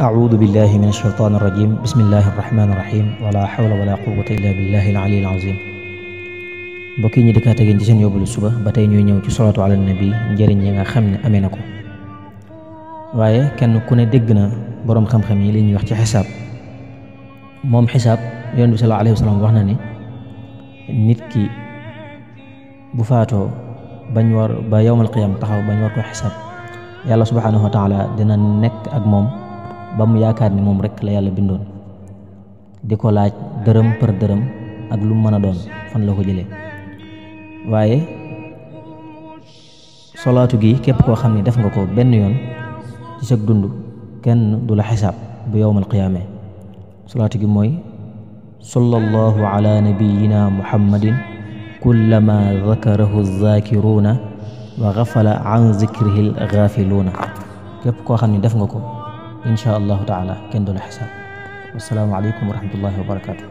أعوذ بالله من الشيطان الرجيم بسم الله الرحمن الرحيم ولا حول ولا قوة إلا بالله العلي العظيم بكي ني ديكاتا جي سن يوبلو صبا باتاي ني نييو سي صلاه على النبي نجار نيغا خامني امينكو وايي كين كو ني ديغنا بوروم خام خامي لي ني واخ حساب موم حساب يونس صلى الله عليه وسلم واخنا ني نيت كي بو فاتو باني وار با يوم القيامه تخاو باني وار كو حساب يالا سبحانه وتعالى دينا نيك اك موم ba mu yaakaar ni moom rekk la yàlla bindoon di ko laaj dërëm për dërëm ak lu mën a doon fan la ko jëlee waaye solaatu gi képp koo xam ne def nga ko benn yoon ci sa dund kenn du la xisaab bu yowmal qiyaamee solaatu gi mooy sallallahu ala nabiyina muhammadin kullama zakarahu zakiruuna wa gafala an zikrihi algaafiluuna képp koo xam ne def nga ko إن شاء الله تعالى كندو الحساب والسلام عليكم ورحمة الله وبركاته